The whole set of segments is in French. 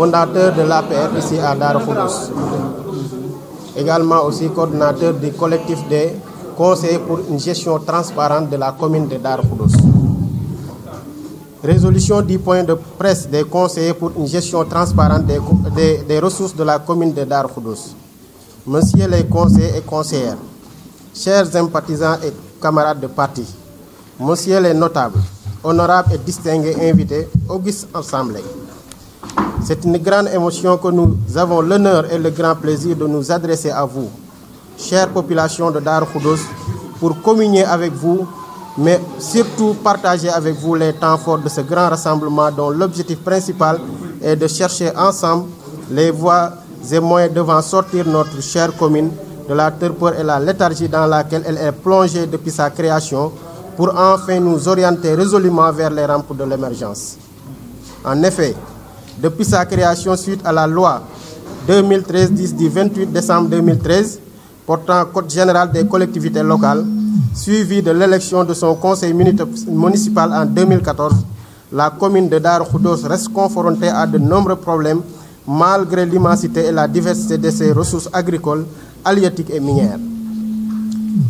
fondateur de l'APR ici à Darfoudos. Également aussi coordinateur du collectif des conseillers pour une gestion transparente de la commune de Darfoudos. Résolution du point de presse des conseillers pour une gestion transparente des, ressources de la commune de Darfoudos. Monsieur les conseillers et conseillères, chers sympathisants et camarades de parti, Monsieur les notables, honorables et distingués invités, Auguste Assemblée. C'est une grande émotion que nous avons l'honneur et le grand plaisir de nous adresser à vous, chère population de Dar Khoudos, pour communier avec vous, mais surtout partager avec vous les temps forts de ce grand rassemblement dont l'objectif principal est de chercher ensemble les voies et moyens devant sortir notre chère commune de la terreur et la léthargie dans laquelle elle est plongée depuis sa création pour enfin nous orienter résolument vers les rampes de l'émergence. En effet, depuis sa création suite à la loi 2013-10 du 28 décembre 2013 portant Code général des collectivités locales, suivi de l'élection de son conseil municipal en 2014, la commune de Dar reste confrontée à de nombreux problèmes malgré l'immensité et la diversité de ses ressources agricoles, halieutiques et minières.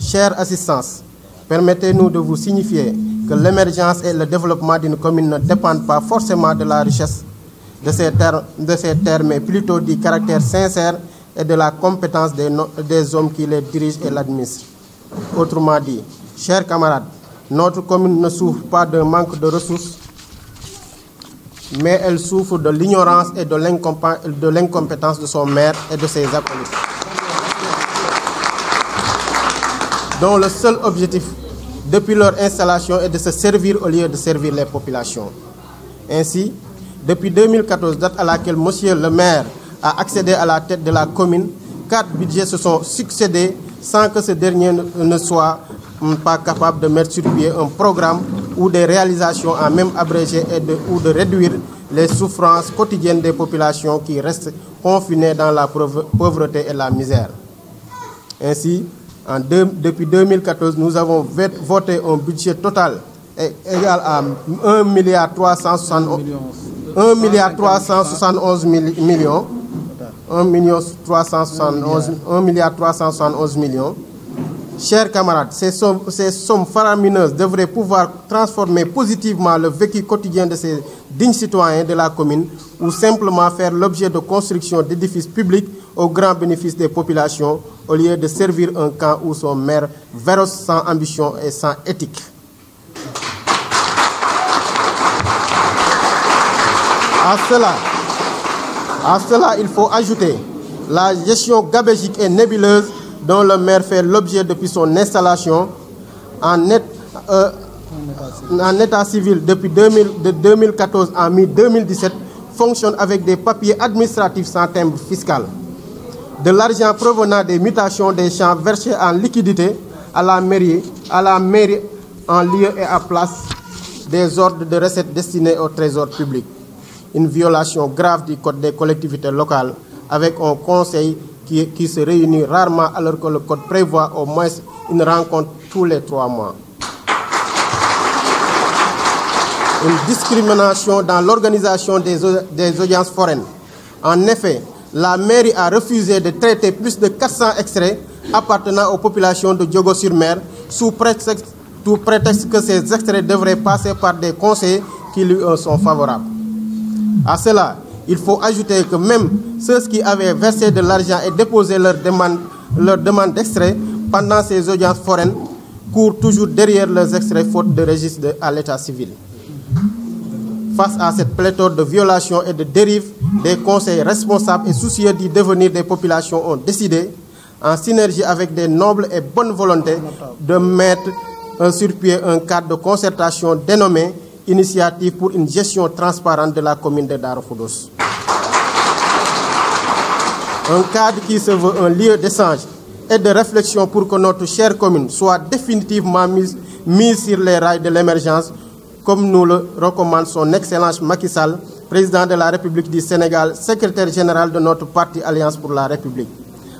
Chère assistance, permettez-nous de vous signifier que l'émergence et le développement d'une commune ne dépendent pas forcément de la richesse de ces, termes, de ces termes mais plutôt du caractère sincère et de la compétence des, des hommes qui les dirigent et l'administrent. Autrement dit, chers camarades, notre commune ne souffre pas d'un manque de ressources, mais elle souffre de l'ignorance et de l'incompétence de, son maire et de ses acolytes, dont le seul objectif depuis leur installation est de se servir au lieu de servir les populations. Ainsi, depuis 2014, date à laquelle Monsieur le maire a accédé à la tête de la commune, quatre budgets se sont succédés sans que ce dernier ne soit hum, pas capable de mettre sur pied un programme ou des réalisations à même abréger et ou de réduire les souffrances quotidiennes des populations qui restent confinées dans la pauvreté et la misère. Ainsi, depuis 2014, nous avons voté un budget total égal à 1 milliard millions. 1 milliard 371 millions 1 1 milliard 371 millions Chers camarades, ces sommes, ces faramineuses devraient pouvoir transformer positivement le vécu quotidien de ces dignes citoyens de la commune ou simplement faire l'objet de construction d'édifices publics au grand bénéfice des populations au lieu de servir un camp où son maire véros sans ambition et sans éthique. À cela, il faut ajouter la gestion gabégique et nébuleuse dont le maire fait l'objet depuis son installation en, euh, état civil depuis 2014 à mi-2017 fonctionne avec des papiers administratifs sans timbre fiscal. De l'argent provenant des mutations des champs versés en liquidité à la mairie, à la mairie en lieu et à place des ordres de recettes destinés au trésor public une violation grave du Code des collectivités locales avec un conseil qui, se réunit rarement alors que le Code prévoit au moins une rencontre tous les trois mois. Une discrimination dans l'organisation des, des audiences foraines. En effet, la mairie a refusé de traiter plus de 400 extraits appartenant aux populations de Diogo-sur-Mer sous prétexte, sous prétexte que ces extraits devraient passer par des conseils qui lui sont favorables. À cela, il faut ajouter que même ceux qui avaient versé de l'argent et déposé leur demande leur demande d'extrait pendant ces audiences foraines courent toujours derrière leurs extraits faute de registre à l'état civil. Face à cette pléthore de violations et de dérives, des conseils responsables et soucieux du devenir des populations ont décidé, en synergie avec des nobles et bonnes volontés, de mettre sur pied un cadre de concertation dénommé initiative pour une gestion transparente de la commune de Darfoudos. Un cadre qui se veut un lieu d'échange et de réflexion pour que notre chère commune soit définitivement mise, mise sur les rails de l'émergence, comme nous le recommande son Excellence Macky Sall, président de la République du Sénégal, secrétaire général de notre parti Alliance pour la République,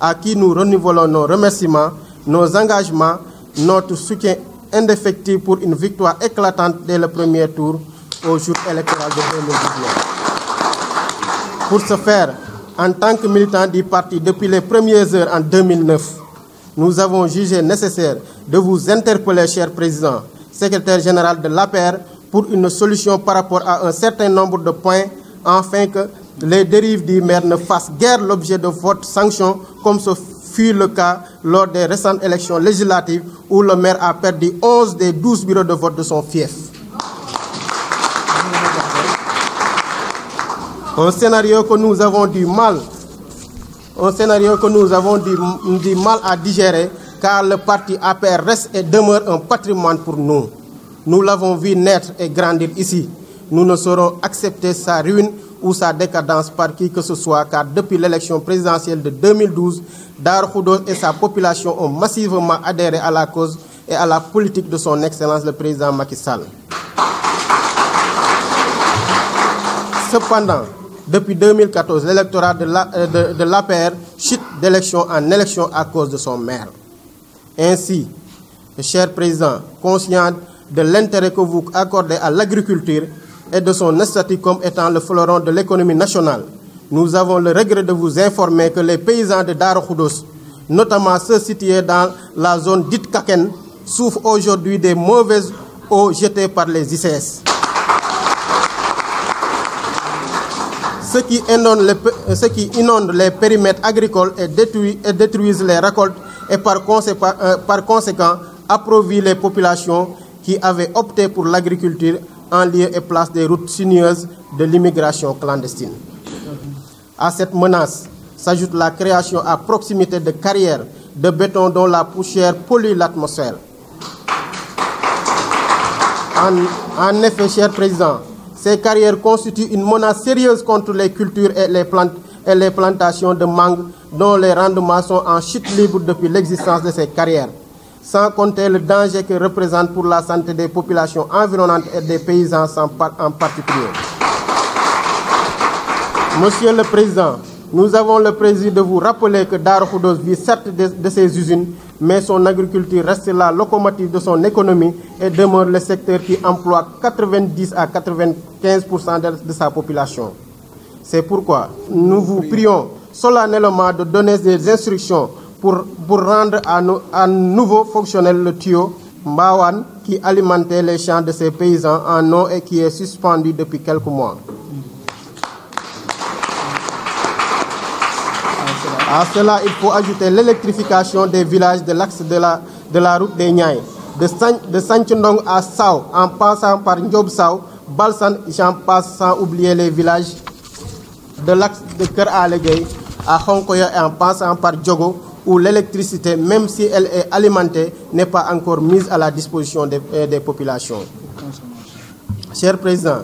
à qui nous renouvelons nos remerciements, nos engagements, notre soutien indéfectible pour une victoire éclatante dès le premier tour au jour électoral de 2019. Pour ce faire, en tant que militant du parti depuis les premières heures en 2009, nous avons jugé nécessaire de vous interpeller, cher président, secrétaire général de l'APR, pour une solution par rapport à un certain nombre de points, afin que les dérives du maire ne fassent guère l'objet de votre sanction, comme ce fut le cas lors des récentes élections législatives où le maire a perdu 11 des 12 bureaux de vote de son fief. Un scénario que nous avons du mal, un scénario que nous avons du, mal à digérer car le parti APR reste et demeure un patrimoine pour nous. Nous l'avons vu naître et grandir ici. Nous ne saurons accepter sa ruine ou sa décadence par qui que ce soit, car depuis l'élection présidentielle de 2012, Dar Khoudos et sa population ont massivement adhéré à la cause et à la politique de son Excellence le président Macky Sall. Cependant, depuis 2014, l'électorat de l'APR euh, chute d'élection en élection à cause de son maire. Ainsi, cher président, conscient de l'intérêt que vous accordez à l'agriculture, et de son esthétique comme étant le fleuron de l'économie nationale, nous avons le regret de vous informer que les paysans de Darokhoudos, notamment ceux situés dans la zone dite Kaken, souffrent aujourd'hui des mauvaises eaux jetées par les ICS. Ce qui, inonde les, périmètres agricoles et détruit et détruisent les récoltes et par, conséquent, euh, par conséquent les populations qui avaient opté pour l'agriculture en lieu et place des routes sinueuses de l'immigration clandestine. À cette menace s'ajoute la création à proximité de carrières de béton dont la poussière pollue l'atmosphère. En, effet, cher Président, ces carrières constituent une menace sérieuse contre les cultures et les, et les plantations de mangue dont les rendements sont en chute libre depuis l'existence de ces carrières sans compter le danger que représente pour la santé des populations environnantes et des paysans en particulier. Monsieur le Président, nous avons le plaisir de vous rappeler que Darfoudos vit certes de, ses usines, mais son agriculture reste la locomotive de son économie et demeure le secteur qui emploie 90 à 95 de sa population. C'est pourquoi nous vous prions solennellement de donner des instructions pour, rendre à, nous, à nouveau fonctionnel le tuyau Mawan qui alimentait les champs de ses paysans en eau et qui est suspendu depuis quelques mois. À cela, il faut ajouter l'électrification des villages de l'axe de la, route des Niayes, de, San, de à Sao, en passant par Njob Sao, Balsan, j'en passe sans oublier les villages de l'axe de Ker à Hongkoya, et en passant par Djogo, où l'électricité, même si elle est alimentée, n'est pas encore mise à la disposition des, euh, populations. Cher Président,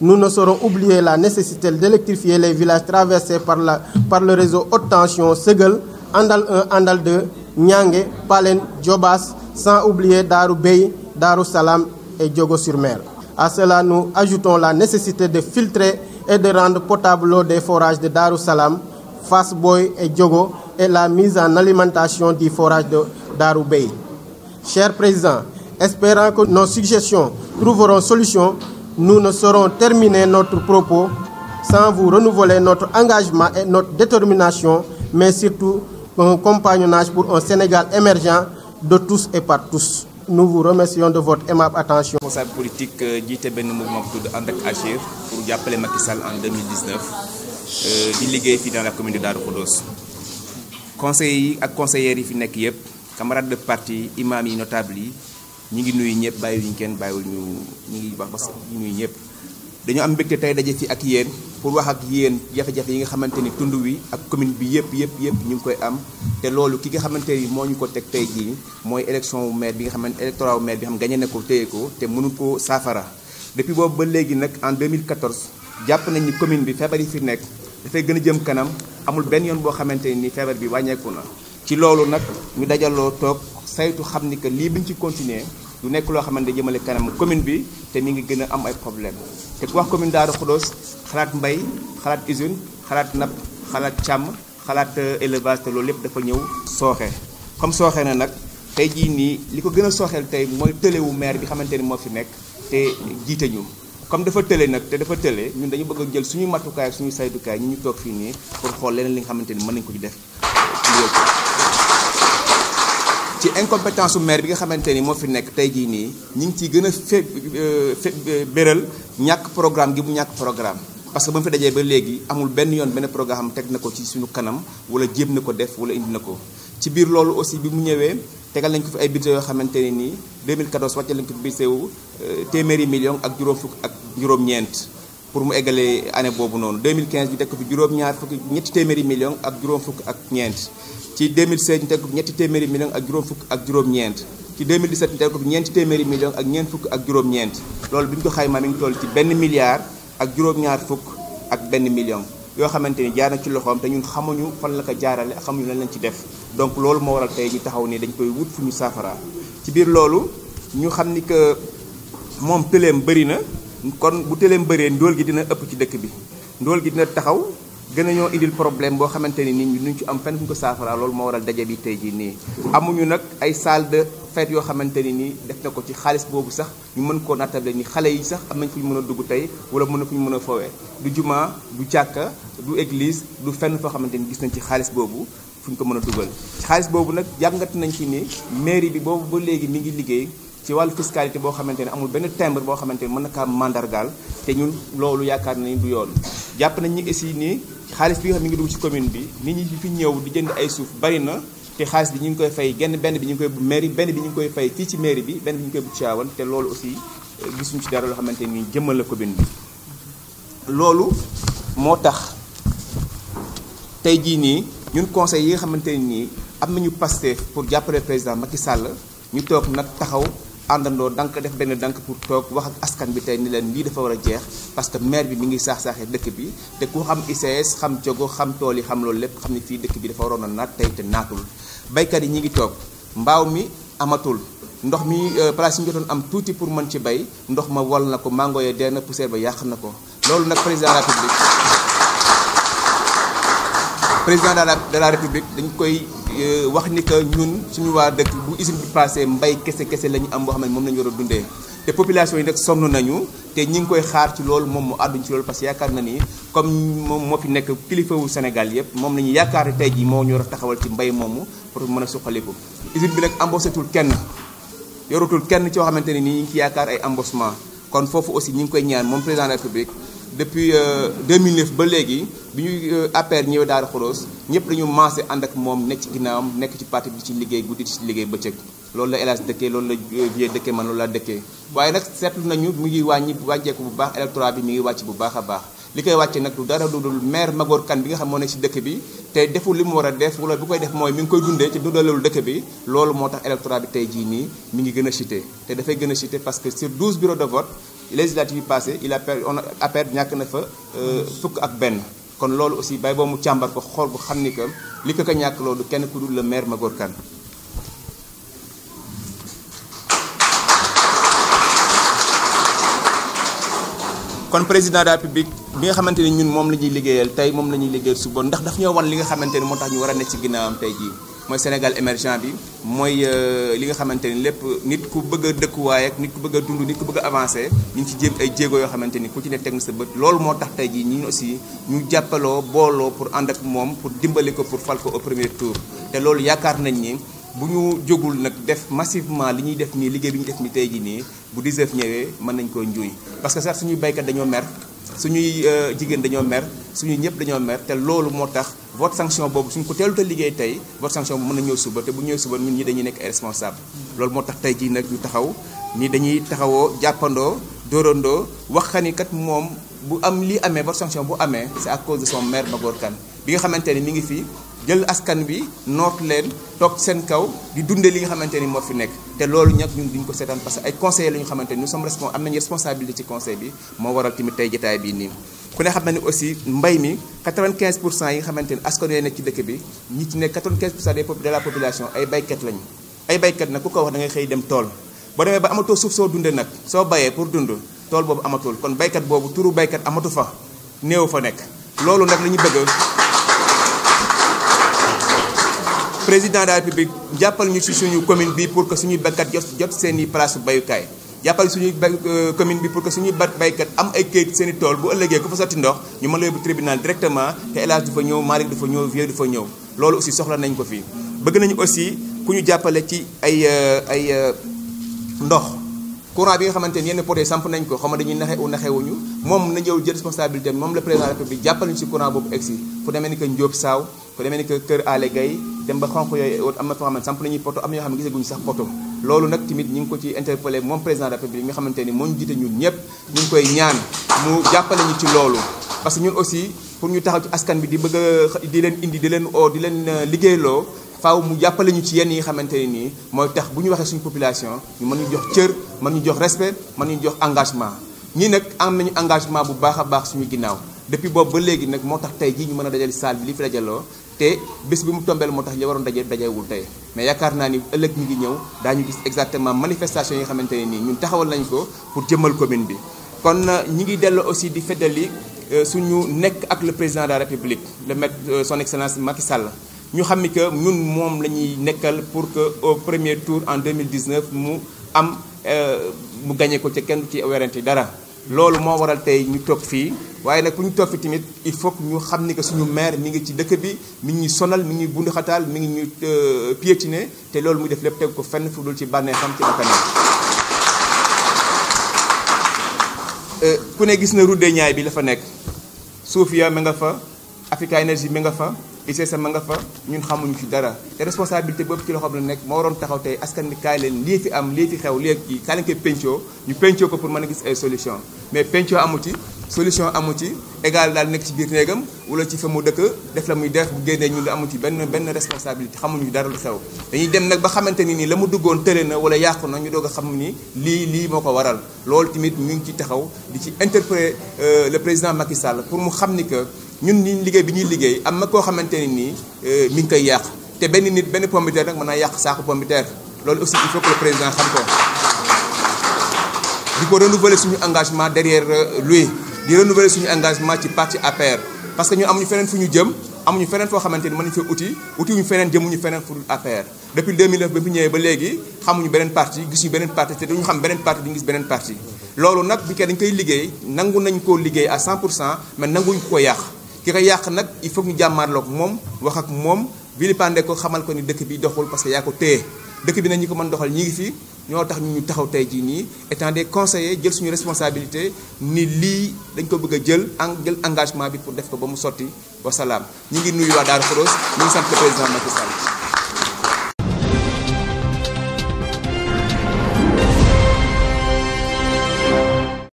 nous ne saurons oublier la nécessité d'électrifier les villages traversés par, le réseau haute tension Segel, Andal 1, Andal 2, Nyangé, Palen, Djobas, sans oublier Daru Bey, Daru Salam et Diogo-sur-Mer. À cela, nous ajoutons la nécessité de filtrer et de rendre potable l'eau des forages de Daru Salam, Fasboy et Diogo la mise en alimentation du forage d'Aroubay. Cher Président, espérant que nos suggestions trouveront solution, nous ne saurons terminer notre propos sans vous renouveler notre engagement et notre détermination, mais surtout un compagnonnage pour un Sénégal émergent de tous et par tous. Nous vous remercions de votre aimable attention. Responsable politique du euh, mouvement de pour en 2019 euh, di dans la commune de conseil yi ak conseillères yi fi nekk yëpp camarades de parti imam yi notables yi ñu ngi nuyu ñëpp bàyyiwuñu kenn bàyyiwuñu ñu ñu ngi wax ba que ñu nuyu ñëpp dañoo am mbégte tey daje ci ak yéen pour wax ak yéen jafe-jafe yi nga xamante ni tund wi ak commune bi yëpp yëpp yëpp ñu ngi koy am te loolu ki nga xamante ni moo ñu ko teg tey jii mooy élection wu maire bi nga xamante électorat wu maire bi xam gañe na ko téye ko te mënu ko saafara depuis boobu ba léegi nag en 2014 jàpp nañ ni commune bi feebar yi fi nekk dafay gën a jëm kanam amul benn yoon boo xamante ni feebar bi wàññeeku na ci loolu nag ñu dajaloo toog saytu xam ni que lii bi ñu ci continuer du nekk loo xamante ne jëmale kanam commune bi te mi ngi gën a am ay problème te ku wax commune Daaru Xudoos xalaat mbay xalaat usine xalaat napp xalaat càmm xalaat euh, élevage te loolu lépp dafa ñëw sooxe comme sooxee na nag tey jii nii li ko gën a sooxeel tey mooy tëlewu maire bi xamante ni moo fi nekk te jiite ñu comme dafa télé nak te dafa télé ñun dañu bëgg jël suñu matukaay ak suñu saytukaay ñi ñu toog fii nii pour xool leneen li nga xamante mën nañ ko ci def ci incompétence maire bi nga xamante ni fi ñi ngi fe programme gi mu ñàkk programme parce que fi ba amul benn yoon benn programme teg na ci suñu kanam wala jéem na def wala indi na ci biir loolu aussi bi mu ñëwee tegal nañ ko fi ay budget yoo xamante ne nii 2014 wàcce lañ ko fi budget wu euh, téeméeri ak juróom ñeent pour mu égale année boobu noonu 2015 ñu teg ko fi juróom-ñaar fukki ñetti téeméeri million ak juróom fukk ak ñeent ci 2016 ñu teg ko fi ak juróom fukk ak juróom-ñeent ci 2017 ñu teg ko fi téeméeri million ak ñeent fukk ak juróom-ñeent loolu bi ñu ko xaymaa mi ngi toll ci benn milliard ak juróom-ñaar fukk ak benn million yoo xamante ni jaar na ci loxoom te ñun xamuñu fan la ko jaarale xamuñu lañ lañ ci def donc loolu mo waral tay ñu taxaw ni dañ koy wut fu ñu saafara ci bir loolu ñu xamni ni que moom tëleem bëri na kon bu tëleem bëree ndol gi dina ëpp ci dëkk bi ndol gi dina taxaw gëna ñoo indil problème bo xamanteni ni nit ñi duñ ci am fenn fu ko saafara loolu mo waral daje bi tay ji ni amuñu nak ay salle de fête yo xamanteni ni def na ko ci xaalis bobu sax ñu mën ko nattable ni xalé yi sax am nañ fu ñu mën dugg tey wala mëna na fu ñu mën du juma du ciaka du église du fenn fo xamanteni gis nañ ci xaalis bobu fu ñu ko mën a dugal xaalis boobu nag jàngat nañ ci ni mairie bi boobu ba léegi mi ngi liggéey ci wàll fiscalité boo xamante ne amul benn timbre boo xamante ne mën na kaa mandargaal te ñun loolu yaakaar nañu du yoon jàpp nañ ni aussi ni xaalis bi mi ngi dugg ci commune bi nit ñi fi ñëw di jënd ay suuf bari na te xaalis bi ñu ngi koy fay genn benn bi ñu ngi koy mairie benn bi ñu ngi koy fay fii ci mairie bi benn bi ñu ngi koy bu te loolu aussi euh, gisuñ ci dara loo xamante ni jëmmal la commune bi loolu moo tax tey jii nii ñun conseil yi nga xamante ne am nañu Pastef pour jàppale président Macky Sall ñu toog nag taxaw àndandoo dank def benn dank pour toog wax ak askan bi tey ni leen lii dafa war a jeex parce que maire bi mi ngi saax-saaxee dëkk bi te ku xam ICS xam jogo xam tool yi xam loolu lépp xam ni fii dëkk bi dafa waroon a naat tey te naatul baykat yi ñi ngi toog mbaaw mi amatul ndox mi euh, place yi ñu jotoon am tuuti pour mën ci bay ndox ma wal na ko mango yee dee na poussière ba yàq na ko loolu nag président de la République président de la de la république dañ koy euh, wax ni que ñun suñu waa dëkk bu usine bi passé mbay kese kese la ñu am boo xam ne moom la ñu war a dundee te population yi nag sonn nañu te ñi ngi koy xaar ci loolu moom mu àdduñ ci loolu parce que yaakaar na ni comme moom moo fi nekk kilifa wu Sénégal yëpp moom la ñu yaakaar tey ji moo ñor taxawal ci mbay moomu pour mën a suqaliku usine bi nag embauchetul kenn yoratul kenn coo xamante ni yaakaar ay embauchement kon foofu aussi ñi ngi koy ñaan moom président depuis 2009 euh, ba léegi bi ñuy euh, APR ñëwee Daara Khoros ñëpp dañu maase ànd ak moom nekk ci am nekk ci parti bi ci liggéey guddi ci liggéey bëccëg loolu la El Hadj dëkkee loolu la euh, vie dëkkee man loolu la dëkkee waaye nag seetlu nañu mu ngi wàññi wàññeeku bu baax électorat bi mi ngi wàcc bu baax a baax li koy wàcce nag du dara du dul maire Magor Kane bi nga xam moo nekk ci dëkk bi te deful li mu war a def wala bu koy def mooy mi ngi koy dundee ci dundalewul dëkk bi moo tax électorat tey jii nii mi ngi gën a chuté te dafay gën a parce que sur 12 bureaux de législative yi passé il a perdu on a perdu ñàkk na fa euh, fukk ak benn kon loolu aussi bay boo mu càmbar ko xool bu xam ni que li ko ko ñàkk loolu kenn ku dul le maire Magor kan kon président de la République bi nga xamante ni ñun moom la ñuy liggéeyal tey moom la ñuy liggéeyal suba ndax daf ñoo wan li nga xamante ni moo tax ñu war a nekk ci am tey jii mooy Sénégal émergent bi mooy euh, li nga xamante ni lépp nit ku bëgg a waaye ak nit ku bëgg a dund nit ku bëgg a avancé ñu ngi ci ay jéego yoo xamante ni ku ci nekk teg na sa bët loolu moo tax tey jii ñun aussi ñu jàppaloo booloo pour ànd ak moom pour dimbali ko pour fal ko au premier tour te loolu yaakaar nañ ni bu ñu jógul nag def massivement li ñuy def nii liggéey bi ñu def nii tey jii nii bu 19 ñëwee mën nañ koo njuuy parce que sax suñuy baykat dañoo mer suñuy euh, jigéen dañoo mer suñuy ñëpp dañoo mer te loolu moo tax votre sanction boobu suñ ko teelut a liggéey tey votre sanction boobu mën na ñëw suba te bu ñëw suba ñun ñi dañuy nekk ay responsable loolu moo tax tey jii nag ñu taxaw ni dañuy taxawoo jàppandoo dóorandoo wax kat moom bu am lii amee votre sanction bu amee c'est à cause de son maire Magor Kane bi nga xamante ni mi ngi fi jël askan bi noot leen toog seen kaw di dundee li nga xamante ni moo fi nekk te loolu ñag ñun duñ ko seetaan parce que ay conseillers la ñu xamante ni nous sommes respons am nañu responsabilité ci conseil bi moo waral tamit tey jotaay bii nii ku ne xam na ni aussi mbay mi 95 pour cent yi nga xamante ni askan yooyu nekk ci dëkk bi ñi ci nekk 95 pour cent des de la population ay baykat lañu. ay baykat nag ku ko wax da ngay xëy dem tool ba demee ba amatoo suuf soo dundee nag soo bayee pour dund tool boobu amatul kon baykat boobu turu baykat amatu fa néew fa nekk loolu nag la ñu bëgg président de la république jàppal ñu si suñu commune bi pour que suñuy baykat jot jot seen place bayukaay jàppale suñuy euh, commune bi pour que suñuy bat baykat am ay kayit seen tool bu ëllëgee ku fa sotti ndox ñu ma la yóbbu tribunal directement te El Hadj du fa ñëw Malick du fa ñëw Vieux du fa ñëw loolu aussi soxla nañ ko fii bëgg nañu aussi ku ñu jàppale ci ay euh, ay euh, ndox courant bi nga xamante yenn poté samp nañ ko xam dañuy naxe u naxewuñu moom na ñëw jël responsabilité moom le président de la République jàppale ñu si courant boobu egsi fu demee ni que Ndiop Saaw fu demee ni que Kër Allé loolu nag tamit ñu ngi ko ci interpellé moom président de la république nga xamante ni moo ñu jiite ñun ñëpp ñu ngi koy ñaan mu jàppale ñu ci loolu parce que ñun aussi pour ñu taxaw ci askan bi di bëgg di leen indi di leen oo di leen euh, liggéeyloo faw mu jàppale ñu ci yenn yi xamante ne nii mooy tax bu ñu waxee suñu population ñu mën ñu jox cër mën ñu jox respect mën ñu jox engagement ñii nag am nañu engagement bu baax a baax suñu ginnaaw depuis boobu ba léegi nag moo tax tey jii ñu mën a dajal salle bi li fi dajaloo te bi mu tombeel motax tax waron dajé daje dajeewul tey mais yaakaar naa ni ëlëk ñu ngi ñëw daañu gis exactement manifestation yi xamante ne ñun taxawal nañ ko pour jëmmal commune bi kon euh, ñi ngi déllo aussi di feddali euh, suñu nek ak le président de la république le maître euh, son excellence Macky Sall ñu xam que ñun mom lañuy nekkal pour que au premier tour en 2019 mu am mu gagner ko ci kenn ci werante dara loolu moo waral tey ñu toog fii waaye nag bu ñu toog fi tamit il faut ñu xam ni que suñu maire mi ngi ci dëkk bi mi ngi ñuy sonal mi ngi ñuy bunduxataal mi ngi ñuy euh, piétiner te loolu muy def lépp teg ko fenn fu dul ci bànneexam ci bakkanam euh, ku ne gis na route des bi la fa nekk Sofia mi nga fa Africa Energy mi nga fa ICS ma nga fa ñun xamuñu fi dara te responsabilité boobu ci loxoom la nekk moo waroon taxaw tey askan bi kaay leen lii fi am lii fi xew lii ak kii kaay koy pencoo ñu pencoo ko pour mën a gis ay solution mais pencoo amu ci solution amu ci égal daal nekk ci biir néegam wala ci fa mu dëkk def la muy def bu génnee ñu amu ci benn benn responsabilité xamuñu dara lu xew dañuy dem nag ba xamante ni nii la mu duggoon tële na wala yàqu na ñu doog a xam ni lii lii moo ko waral loolu tamit ñu ngi ci taxaw di ci interpréter euh, le président Macky Sall pour mu xam ni que ñun ñi liggéey bi ñuy liggéey am na koo xamante ni nii euh, mi ngi koy yàq te benn nit benn pomme de terre nag mën naa yàq saako pomme loolu aussi il faut que le président xam ko di ko renouveler suñu engagement derrière euh, lui di renouveler suñu engagement ci parti APR parce que nous amuñu feneen fu ñu jëm amuñu feneen foo xamante ni mën fee ñu feneen jëmuñu feneen fu dul APR depuis 2009 ba fi ñëwee ba léegi xamuñu beneen parti gisuñu beneen parti te duñu xam beneen parti duñu gis beneen parti loolu nag bi kee dañ koy liggéey nangu nañ à 100 mais nanguñ ko yàq ki ko yàq il faut ñu jàmmaarloog moom wax ak moom vilipande ko xamal ko ni dëkk bi doxul parce que yaa ko téye dëkk bi nag ñi ko man doxal ñi ngi fi ñoo tax ñu ñu taxaw tey jii nii étant des conseillers jël suñu responsabilité ni lii dañ ko bëgg a jël en jël engagement bi pour def ko ba mu sotti wasalaam ñi ngi nuyu waa Daaru Xudoos ñu ngi sant le président Macky Sall